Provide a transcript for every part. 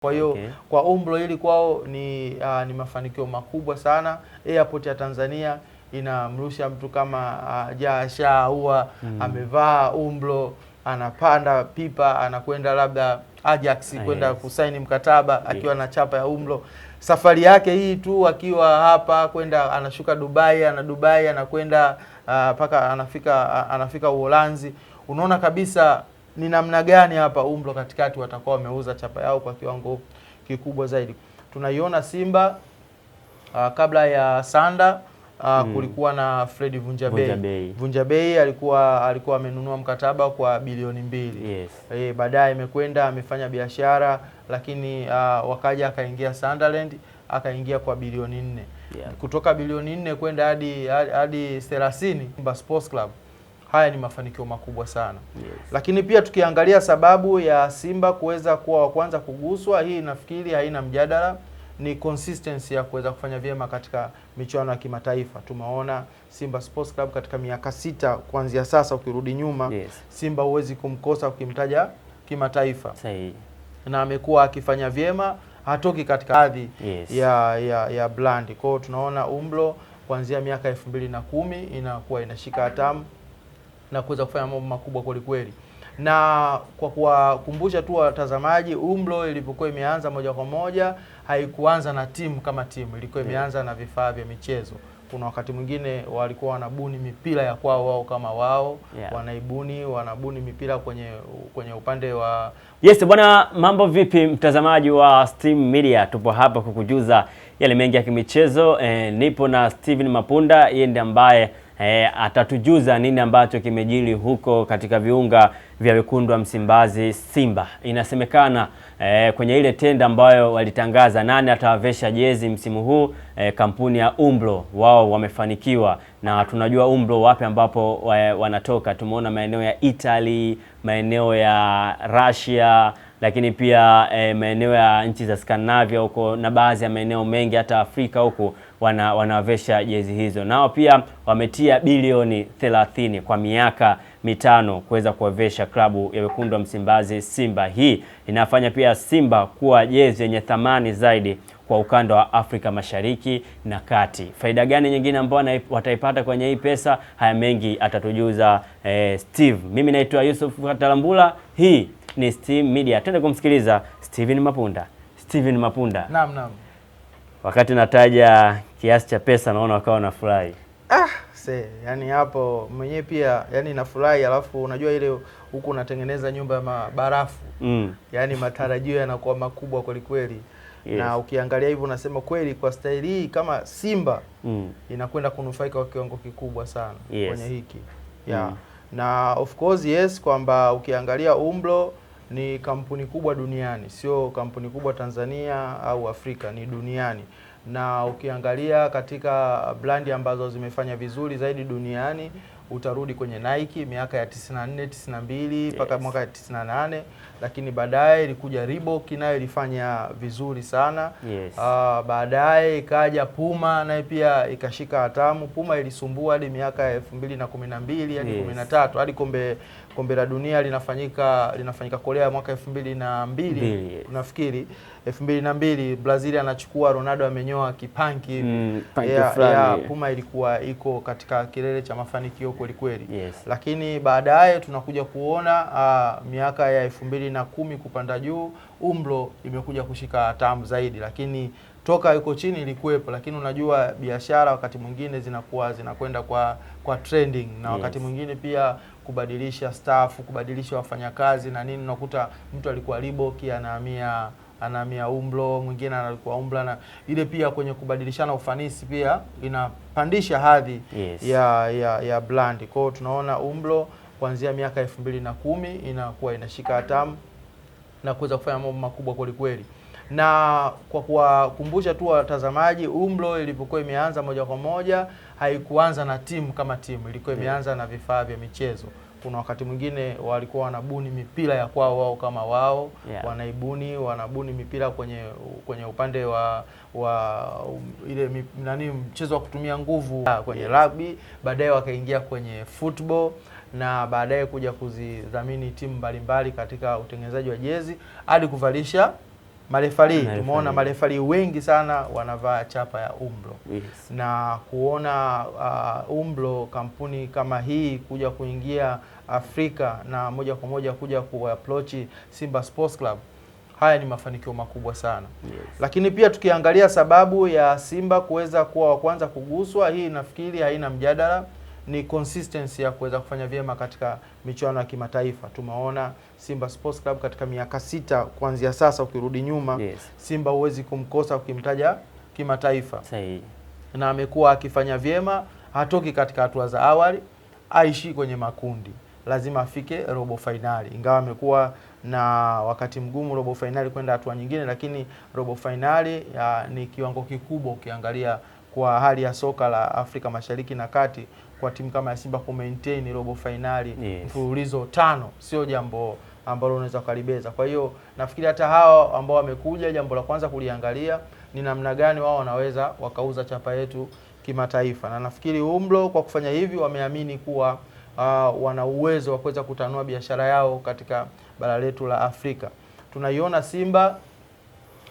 Kwa hiyo okay. Kwa Umbro hili kwao ni, uh, ni mafanikio makubwa sana. Airport ya Tanzania inamrusha mtu kama uh, Jasha huwa mm. amevaa Umbro anapanda pipa anakwenda labda Ajax ah, kwenda yes. kusaini mkataba yes. akiwa na chapa ya Umbro. Safari yake hii tu akiwa hapa kwenda anashuka Dubai, ana Dubai anakwenda mpaka uh, anafika anafika Uholanzi, unaona kabisa ni namna gani hapa Umlo katikati watakuwa wameuza chapa yao kwa kiwango kikubwa zaidi. Tunaiona Simba uh, kabla ya Sanda uh, mm. kulikuwa na Fredi Vunja Bei. Vunja Bei alikuwa alikuwa amenunua mkataba kwa bilioni mbili. Yes. E, baadaye imekwenda amefanya biashara lakini uh, wakaja akaingia Sunderland akaingia kwa bilioni nne. Yeah. Kutoka bilioni nne kwenda hadi hadi 30 Simba Sports Club haya ni mafanikio makubwa sana yes. Lakini pia tukiangalia sababu ya Simba kuweza kuwa wa kwanza kuguswa, hii nafikiri haina mjadala, ni consistency ya kuweza kufanya vyema katika michuano ya kimataifa. Tumeona Simba Sports Club katika miaka sita kuanzia sasa, ukirudi nyuma yes. Simba huwezi kumkosa ukimtaja kimataifa Sahi. na amekuwa akifanya vyema, hatoki katika hadhi yes. ya, ya, ya blandi. Kwa tunaona Umlo kuanzia miaka elfu mbili na kumi inakuwa inashika hatamu na kuweza kufanya mambo makubwa kweli. na kwa kuwakumbusha tu watazamaji, Umlo ilipokuwa imeanza moja kwa moja haikuanza na timu kama timu, ilikuwa mm. imeanza na vifaa vya michezo kuna wakati mwingine walikuwa wanabuni mipira ya kwao wao kama wao yeah. Wanaibuni, wanabuni mipira kwenye kwenye upande wa yes. Bwana, mambo vipi, mtazamaji wa Steam Media, tupo hapa kukujuza yale mengi ya kimichezo E, nipo na Steven Mapunda, yeye ndiye ambaye e, atatujuza nini ambacho kimejiri huko katika viunga vya wekundu wa Msimbazi Simba. Inasemekana e, kwenye ile tenda ambayo walitangaza nani atawavesha jezi msimu huu e, kampuni ya Umbro wao wamefanikiwa, na tunajua Umbro wapi ambapo wanatoka. Tumeona maeneo ya Italy, maeneo ya Russia lakini pia e, maeneo ya nchi za Skandinavia huko na baadhi ya maeneo mengi hata Afrika huko wana, wanavesha jezi hizo. Nao pia wametia bilioni 30 kwa miaka mitano kuweza kuwavesha klabu ya wekundu wa Msimbazi Simba. Hii inafanya pia Simba kuwa jezi yenye thamani zaidi kwa ukanda wa Afrika Mashariki na Kati. Faida gani nyingine ambayo wataipata kwenye hii pesa? Haya mengi atatujuza eh, Steve. Mimi naitwa Yusuf Katalambula. Hii ni Steam Media. Twende kumsikiliza Steven Mapunda. Steven Mapunda. Naam, naam. Wakati nataja kiasi cha pesa naona wakawa nafurahi. Ah, se, yani hapo mwenyewe pia yani nafurahi, alafu unajua ile huku unatengeneza nyumba ya mabarafu mm. Yani matarajio yanakuwa makubwa kweli kweli. Yes. Na ukiangalia hivyo unasema kweli kwa staili hii kama Simba mm. inakwenda kunufaika kwa kiwango kikubwa sana yes. kwenye hiki mm. yeah. mm. na of course yes kwamba ukiangalia Umbro ni kampuni kubwa duniani, sio kampuni kubwa Tanzania au Afrika, ni duniani. Na ukiangalia katika brandi ambazo zimefanya vizuri zaidi duniani utarudi kwenye Nike miaka ya 94 92 mpaka yes, mwaka 98, lakini baadaye ilikuja Reebok nayo ilifanya vizuri sana yes. Uh, baadaye ikaja Puma naye pia ikashika hatamu. Puma ilisumbua hadi miaka ya 2012 hadi yes, 13 hadi kombe kombe la dunia linafanyika linafanyika Korea mwaka 2002 yes, nafikiri 2002 Brazil anachukua Ronaldo amenyoa kipanki mm, yeah, yeah, Puma ilikuwa iko katika kilele cha mafanikio kweli kweli, yes. Lakini baadaye tunakuja kuona uh, miaka ya elfu mbili na kumi kupanda juu umlo imekuja kushika tamu zaidi, lakini toka yuko chini ilikuwepo, lakini unajua biashara wakati mwingine zinakuwa zinakwenda kwa kwa trending na wakati yes. mwingine pia kubadilisha staff, kubadilisha wafanyakazi na nini, unakuta mtu alikuwa Liboki anahamia anahamia Umbro, mwingine anakuwa Umbra, na ile pia kwenye kubadilishana ufanisi pia inapandisha hadhi yes, ya ya, ya brand. Kwa hiyo tunaona Umbro kuanzia miaka elfu mbili na kumi inakuwa inashika hatamu na kuweza kufanya mambo makubwa kweli kweli, na kwa kuwakumbusha tu watazamaji, Umbro ilipokuwa imeanza moja kwa moja haikuanza na timu kama timu, ilikuwa imeanza na vifaa vya michezo kuna wakati mwingine walikuwa wanabuni mipira ya kwao wao kama wao yeah. Wanaibuni, wanabuni mipira kwenye kwenye upande wa wa um, ile mi, nani mchezo wa kutumia nguvu kwenye rugby, baadaye wakaingia kwenye football na baadaye kuja kuzidhamini timu mbalimbali katika utengenezaji wa jezi hadi kuvalisha marefari tumeona marefari wengi sana wanavaa chapa ya Umbro yes. na kuona uh, Umbro kampuni kama hii kuja kuingia Afrika na moja kwa moja kuja kuapproach Simba Sports Club, haya ni mafanikio makubwa sana yes. Lakini pia tukiangalia sababu ya Simba kuweza kuwa wa kwanza kuguswa, hii nafikiri haina mjadala ni consistency ya kuweza kufanya vyema katika michuano ya kimataifa. Tumeona Simba Sports Club katika miaka sita kuanzia sasa, ukirudi nyuma yes. Simba huwezi kumkosa ukimtaja kimataifa sahihi, na amekuwa akifanya vyema, hatoki katika hatua za awali, aishi kwenye makundi, lazima afike robo fainali, ingawa amekuwa na wakati mgumu robo fainali kwenda hatua nyingine, lakini robo fainali ah, ni kiwango kikubwa ukiangalia kwa hali ya soka la Afrika Mashariki na Kati kwa timu kama ya Simba ku maintain robo fainali yes, mfululizo tano sio jambo ambalo unaweza kalibeza. Kwa hiyo nafikiri hata hao ambao wamekuja, jambo la kwanza kuliangalia ni namna gani wao wanaweza wakauza chapa yetu kimataifa, na nafikiri Umbro kwa kufanya hivi wameamini kuwa uh, wana uwezo wa kuweza kutanua biashara yao katika bara letu la Afrika. Tunaiona Simba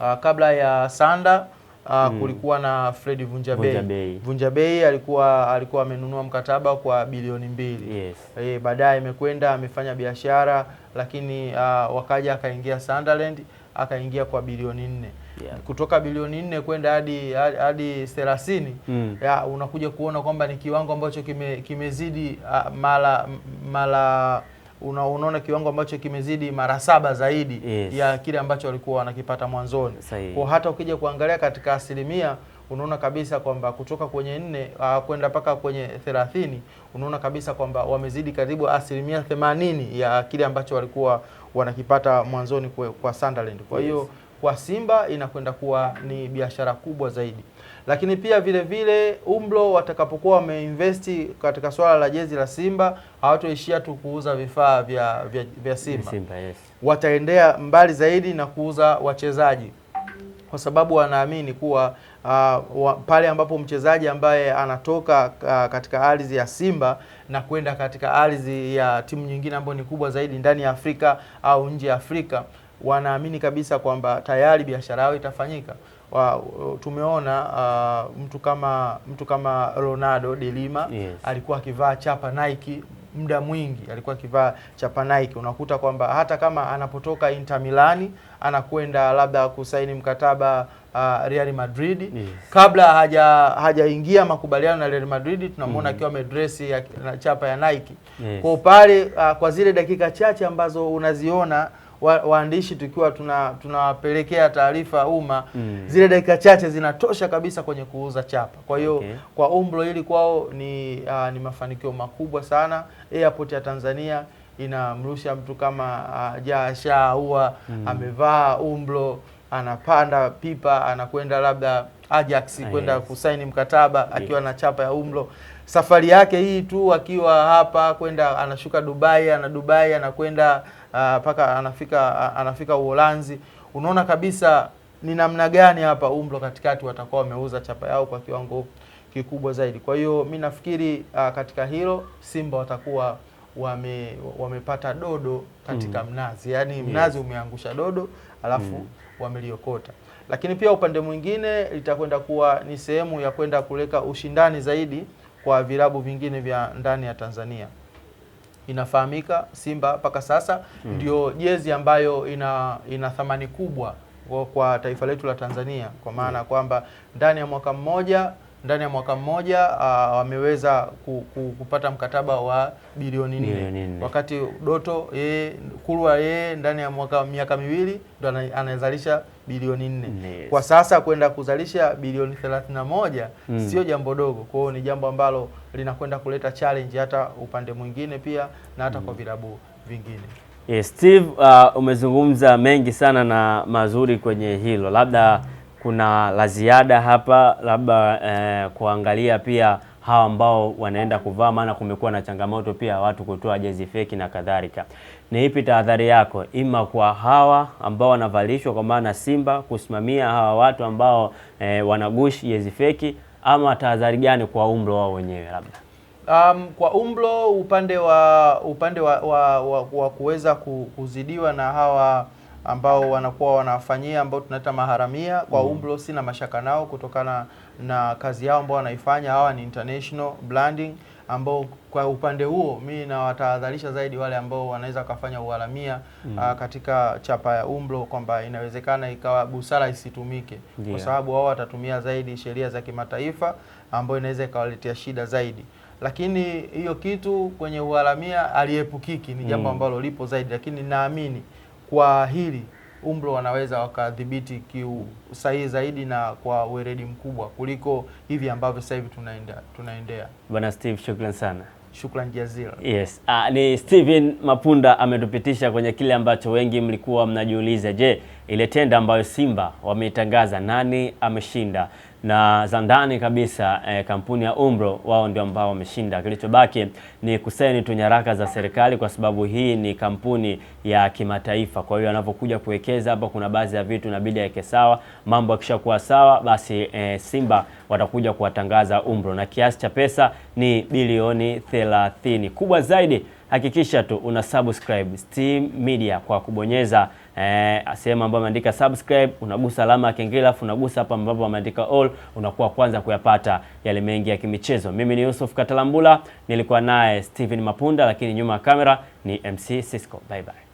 uh, kabla ya Sanda Uh, mm. Kulikuwa na Fred Vunja Bei. Vunja Bei alikuwa alikuwa amenunua mkataba kwa bilioni mbili. Yes. E, baadaye amekwenda amefanya biashara lakini uh, wakaja akaingia Sunderland akaingia kwa bilioni nne. Yeah. Kutoka bilioni nne kwenda hadi hadi 30 mm. unakuja kuona kwamba ni kiwango ambacho kime, kimezidi uh, mara mara una, unaona kiwango ambacho kimezidi mara saba zaidi yes. ya kile ambacho walikuwa wanakipata mwanzoni. Kwa hata ukija kuangalia katika asilimia unaona kabisa kwamba kutoka kwenye nne uh, kwenda mpaka kwenye thelathini unaona kabisa kwamba wamezidi karibu asilimia themanini ya kile ambacho walikuwa wanakipata mwanzoni kwa Sunderland. Kwa hiyo yes kwa Simba inakwenda kuwa ni biashara kubwa zaidi, lakini pia vile vile Umbro watakapokuwa wameinvesti katika swala la jezi la Simba hawatoishia tu kuuza vifaa vya, vya, vya Simba, Simba yes. Wataendea mbali zaidi na kuuza wachezaji kwa sababu wanaamini kuwa uh, pale ambapo mchezaji ambaye anatoka uh, katika ardhi ya Simba na kwenda katika ardhi ya timu nyingine ambayo ni kubwa zaidi ndani ya Afrika au nje ya Afrika wanaamini kabisa kwamba tayari biashara yao itafanyika. Wa, tumeona uh, mtu kama mtu kama Ronaldo de Lima yes. Alikuwa akivaa chapa Nike muda mwingi, alikuwa akivaa chapa Nike. Unakuta kwamba hata kama anapotoka Inter Milani anakwenda labda kusaini mkataba uh, Real Madrid yes. Kabla haja hajaingia makubaliano na Real Madrid tunamwona mm-hmm. akiwa mm. amedress na chapa ya Nike yes. Kwa pale uh, kwa zile dakika chache ambazo unaziona wa, waandishi tukiwa tunawapelekea tuna taarifa umma mm. zile dakika chache zinatosha kabisa kwenye kuuza chapa. Kwa hiyo okay. kwa Umbro hili kwao ni, uh, ni mafanikio makubwa sana. Airport ya Tanzania inamrusha mtu kama uh, ah, Jasha huwa mm. amevaa Umbro anapanda pipa anakwenda labda Ajax ah, kwenda yes. kusaini mkataba yes. akiwa na chapa ya Umbro. Safari yake hii tu akiwa hapa kwenda anashuka Dubai, ana Dubai anakwenda mpaka ah, anafika anafika Uholanzi. Unaona kabisa ni namna gani hapa Umbro katikati watakuwa wameuza chapa yao kwa kiwango kikubwa zaidi. Kwa hiyo mi nafikiri uh, katika hilo Simba watakuwa wame, wamepata dodo katika mm. mnazi, yaani mnazi yes. umeangusha dodo alafu mm. wameliokota. Lakini pia upande mwingine litakwenda kuwa ni sehemu ya kwenda kuleka ushindani zaidi kwa vilabu vingine vya ndani ya Tanzania inafahamika Simba mpaka sasa hmm. ndio jezi ambayo ina ina thamani kubwa kwa taifa letu la Tanzania kwa maana hmm. kwamba ndani ya mwaka mmoja ndani ya mwaka mmoja ah, wameweza ku, ku, kupata mkataba wa bilioni nne, wakati Doto yeye Kulwa yeye ndani ya mwaka miaka miwili ndo anazalisha bilioni nne yes. Kwa sasa kwenda kuzalisha bilioni thelathini na moja mm. Sio jambo dogo, kwa hiyo ni jambo ambalo linakwenda kuleta challenge hata upande mwingine pia na hata mm. kwa vilabu vingine yes. Steve, uh, umezungumza mengi sana na mazuri kwenye hilo, labda kuna la ziada hapa, labda eh, kuangalia pia hawa ambao wanaenda kuvaa, maana kumekuwa na changamoto pia watu kutoa jezi feki na kadhalika. Ni ipi tahadhari yako, ima kwa hawa ambao wanavalishwa kwa maana Simba kusimamia hawa watu ambao e, wanagushi jezi feki, ama tahadhari gani kwa umlo wao wenyewe labda? Um, kwa umblo upande wa upande wa, wa, wa, wa kuweza kuzidiwa na hawa ambao wanakuwa wanafanyia ambao tunaita maharamia kwa mm. UMLO sina mashaka nao kutokana na kazi yao ambao wanaifanya. Hawa ni international branding ambao kwa upande huo mi nawatahadharisha zaidi wale ambao wanaweza wakafanya uharamia mm. uh, katika chapa ya umbro kwamba inawezekana ikawa busara isitumike yeah. kwa sababu wao watatumia zaidi sheria za kimataifa ambayo inaweza ikawaletea shida zaidi, lakini hiyo kitu kwenye uharamia aliepukiki ni jambo mm. ambalo lipo zaidi, lakini naamini kwa hili UMRO wanaweza wakadhibiti kiusahihi zaidi na kwa weredi mkubwa kuliko hivi ambavyo sasa hivi tunaenda tunaendea. Bwana Steve, shukran sana. Shukran jazila. Yes. Ah, ni Steven Mapunda ametupitisha kwenye kile ambacho wengi mlikuwa mnajiuliza. Je, ile tenda ambayo Simba wameitangaza nani ameshinda? na za ndani kabisa eh, kampuni ya Umbro wao ndio ambao wameshinda. Kilichobaki ni kusaini tu nyaraka za serikali, kwa sababu hii ni kampuni ya kimataifa. Kwa hiyo anapokuja kuwekeza hapa, kuna baadhi ya vitu inabidi yaweke sawa. Mambo yakishakuwa sawa, basi eh, Simba watakuja kuwatangaza Umbro na kiasi cha pesa ni bilioni 30. Kubwa zaidi, hakikisha tu una subscribe Steam Media kwa kubonyeza eh, sehemu ambayo ameandika subscribe, unagusa alama ya kengele, afu unagusa hapa ambapo ameandika all, unakuwa kwanza kuyapata yale mengi ya kimichezo. Mimi ni Yusuf Katalambula, nilikuwa naye Steven Mapunda, lakini nyuma ya kamera ni MC Cisco. Bye bye.